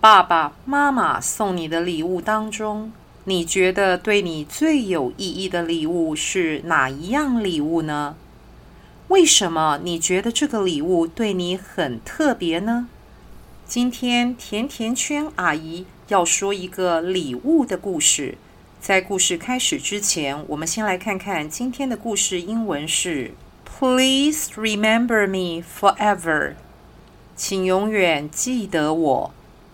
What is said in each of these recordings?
爸爸媽媽送你的禮物當中，你覺得對你最有意義的禮物是哪一樣禮物呢？為什麼你覺得這個禮物對你很特別呢？今天甜甜圈阿姨要說一個禮物的故事。在故事開始之前，我們先來看看今天的故事英文是：Please remember me forever。請永遠記得我。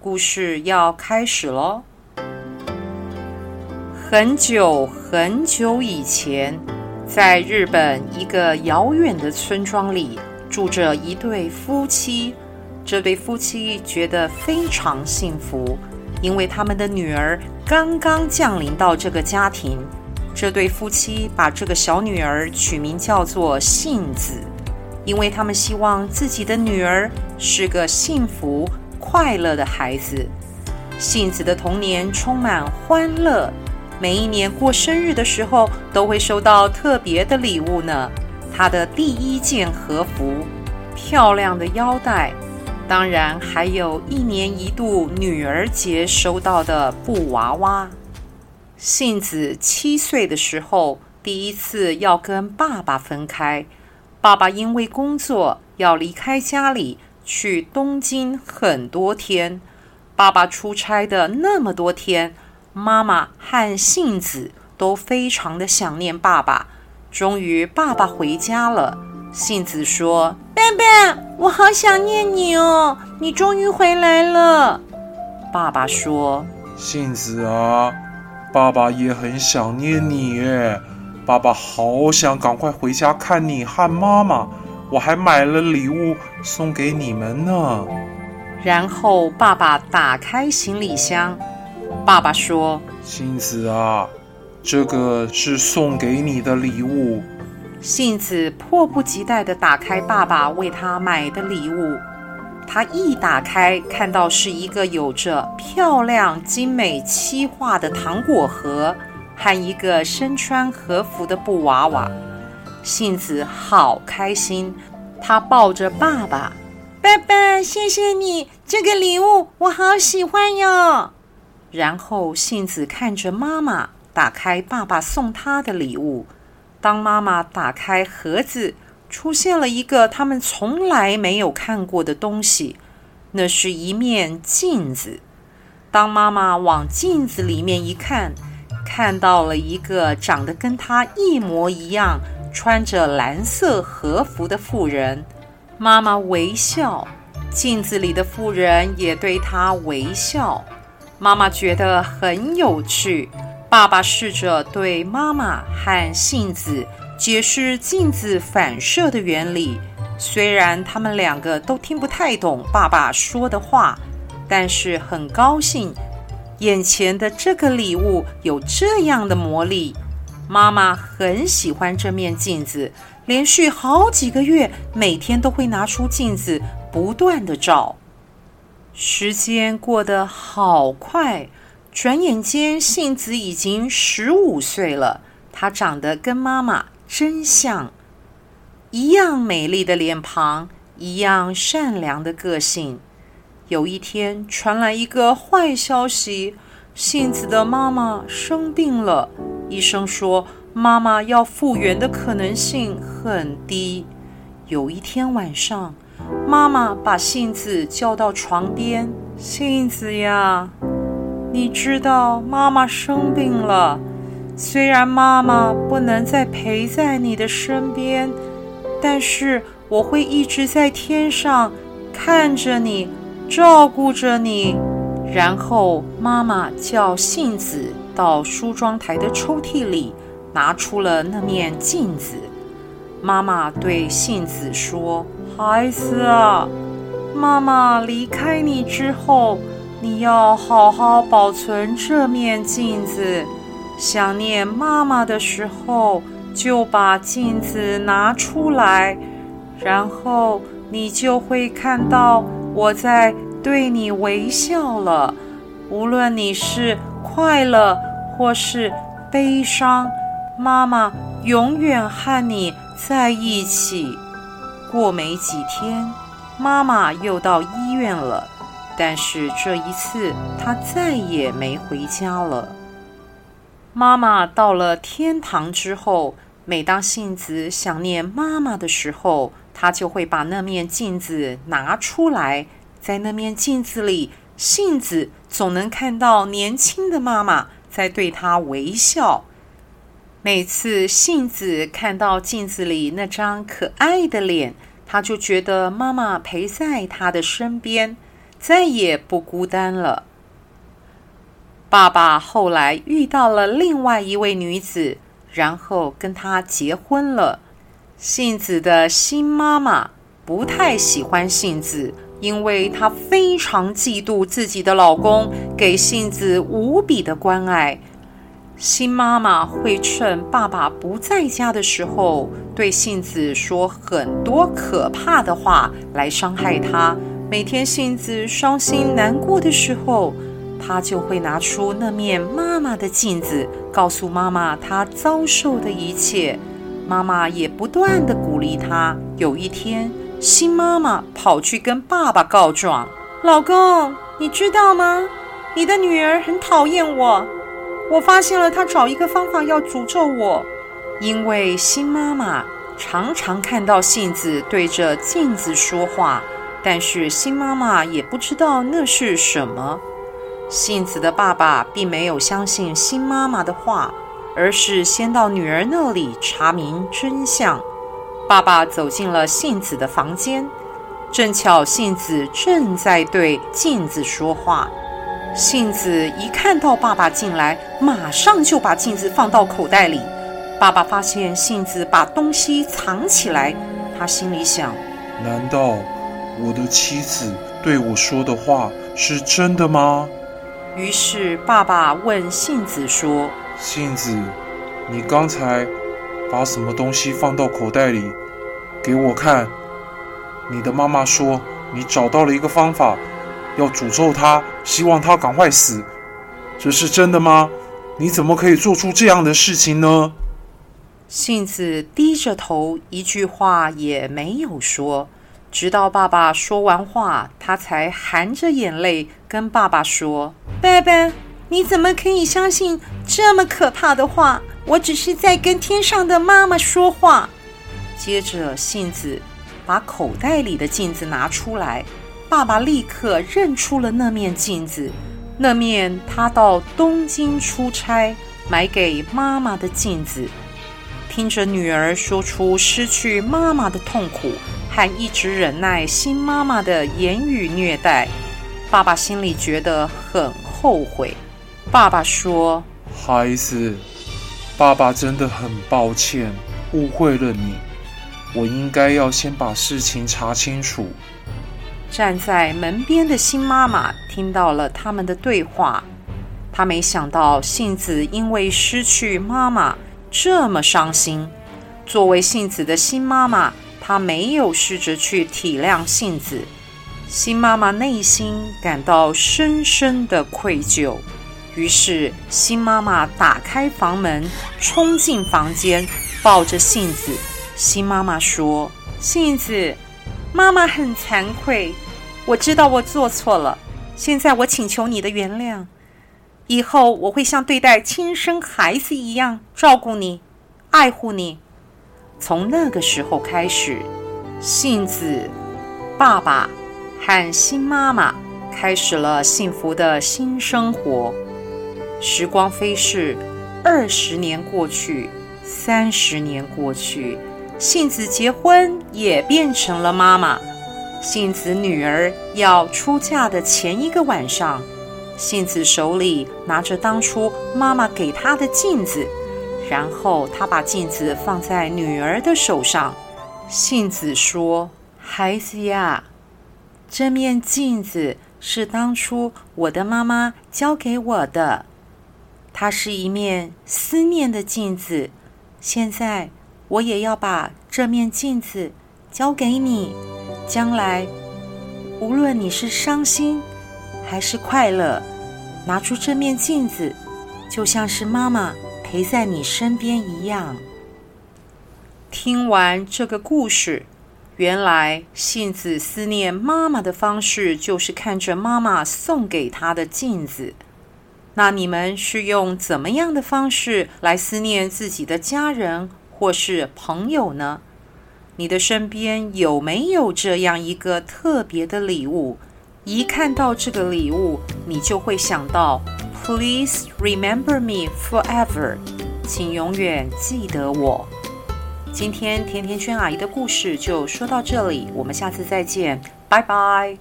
故事要開始嘍！很久很久以前，在日本一個遙遠的村莊裡，住着一對夫妻。這對夫妻覺得非常幸福，因為他們的女兒剛剛降臨到這個家庭。這對夫妻把這個小女兒取名叫做幸子，因為他們希望自己的女兒是個幸福。快樂的孩子，幸子的童年充滿歡樂。每一年過生日的時候，都會收到特別的禮物呢。她的第一件和服，漂亮的腰帶，當然還有一年一度女兒節收到的布娃娃。幸子七歲的時候，第一次要跟爸爸分開，爸爸因為工作要離開家裡。去東京很多天，爸爸出差的那麼多天，媽媽和幸子都非常的想念爸爸。終於，爸爸回家了。幸子說：“爸爸，我好想念你哦，你終於回來了。”爸爸說：“幸子啊，爸爸也很想念你，爸爸好想趕快回家看你和媽媽。”我還買了禮物送給你們呢。然後爸爸打開行李箱，爸爸說：“幸子啊，這個是送給你的禮物。”幸子迫不及待地打開爸爸為她買的禮物，她一打開看到是一個有着漂亮、精美漆畫的糖果盒和一個身穿和服的布娃娃。幸子好開心，她抱着爸爸。爸爸，謝謝你這個禮物，我好喜歡喲。然後，幸子看着媽媽打開爸爸送她的禮物。當媽媽打開盒子，出現了一個他們從來沒有看過的東西，那是一面鏡子。當媽媽往鏡子裡面一看，看到了一個長得跟他一模一樣、穿着藍色和服的婦人，媽媽微笑，鏡子裡的婦人也對她微笑。媽媽覺得很有趣。爸爸試着對媽媽和幸子解釋鏡子反射的原理，雖然他們兩個都聽不太懂爸爸說的話，但是很高興。眼前的這個禮物有這樣的魔力，媽媽很喜歡這面鏡子，連續好幾個月，每天都會拿出鏡子不斷的照。時間過得好快，轉眼間幸子已經十五歲了，她長得跟媽媽真像，一樣美麗的臉龐，一樣善良的個性。有一天傳來一個壞消息，幸子的媽媽生病了。醫生說，媽媽要復原的可能性很低。有一天晚上，媽媽把幸子叫到床邊：“幸子呀，你知道媽媽生病了。雖然媽媽不能再陪在你的身邊，但是我會一直在天上看着你。”照顧着你，然後媽媽叫幸子到梳妝台的抽屜裡拿出了那面鏡子。媽媽對幸子說：“孩子啊，媽媽離開你之後，你要好好保存這面鏡子。想念媽媽的時候，就把鏡子拿出來，然後你就會看到。”我在對你微笑了，無論你是快樂或是悲傷，媽媽永遠和你在一起。過沒幾天，媽媽又到醫院了，但是這一次她再也沒回家了。媽媽到了天堂之後，每當幸子想念媽媽的時候。他就會把那面鏡子拿出來，在那面鏡子裡，幸子總能看到年輕的媽媽在對她微笑。每次幸子看到鏡子裡那張可愛的臉，她就覺得媽媽陪在她的身邊，再也不孤單了。爸爸後來遇到了另外一位女子，然後跟她結婚了。杏子的新媽媽不太喜歡幸子，因為她非常嫉妒自己的老公給幸子無比的關愛。新媽媽會趁爸爸不在家的時候，對幸子說很多可怕的話來傷害她。每天幸子傷心難過的時候，她就會拿出那面媽媽的鏡子，告訴媽媽她遭受的一切。媽媽也不斷地鼓勵她。有一天，新媽媽跑去跟爸爸告狀：“老公，你知道嗎？你的女兒很討厭我。我發現了她找一個方法要詛咒我。因為新媽媽常常看到幸子對着鏡子說話，但是新媽媽也不知道那是什麼。幸子的爸爸並沒有相信新媽媽的話。”而是先到女兒那裡查明真相。爸爸走進了幸子的房間，正巧幸子正在對鏡子說話。幸子一看到爸爸進來，馬上就把鏡子放到口袋裡。爸爸發現幸子把東西藏起來，他心裡想：難道我的妻子對我說的話是真的嗎？於是爸爸問幸子說：幸子，你剛才把什麼東西放到口袋裡？給我看。你的媽媽說你找到了一個方法，要詛咒她，希望她趕快死。這是真的嗎？你怎麼可以做出這樣的事情呢？幸子低着頭，一句話也沒有說。直到爸爸說完話，她才含着眼淚跟爸爸說：“爸爸。”你怎麼可以相信這麼可怕的話？我只是在跟天上的媽媽說話。接着，幸子把口袋裡的鏡子拿出來，爸爸立刻認出了那面鏡子，那面他到東京出差買給媽媽的鏡子。聽着女兒說出失去媽媽的痛苦還一直忍耐新媽媽的言語虐待，爸爸心裡覺得很後悔。爸爸說：“孩子，爸爸真的很抱歉，誤會了你。我應該要先把事情查清楚。”站在門邊的新媽媽聽到了他們的對話，她沒想到幸子因為失去媽媽這麼傷心。作為幸子的新媽媽，她沒有試着去體諒幸子，新媽媽內心感到深深的愧疚。於是，新媽媽打開房門，衝進房間，抱着幸子。新媽媽說：“幸子，媽媽很慚愧，我知道我做錯了。現在我請求你的原諒，以後我會像對待親生孩子一樣照顧你，愛護你。”從那個時候開始，幸子、爸爸和新媽媽開始了幸福的新生活。時光飛逝，二十年過去，三十年過去，幸子結婚也變成了媽媽。幸子女兒要出嫁的前一個晚上，幸子手裡拿着當初媽媽給她的鏡子，然後她把鏡子放在女兒的手上。幸子說：“孩子呀，這面鏡子是當初我的媽媽交給我的。”它是一面思念的鏡子，現在我也要把這面鏡子交給你。將來，無論你是傷心還是快樂，拿出這面鏡子，就像是媽媽陪在你身邊一樣。聽完這個故事，原來幸子思念媽媽的方式就是看着媽媽送給她的鏡子。那你們是用怎麼樣的方式來思念自己的家人或是朋友呢？你的身邊有沒有這樣一個特別的禮物？一看到這個禮物，你就會想到 “Please remember me forever，請永遠記得我”。今天甜甜圈阿姨的故事就說到這裡，我們下次再見，拜拜。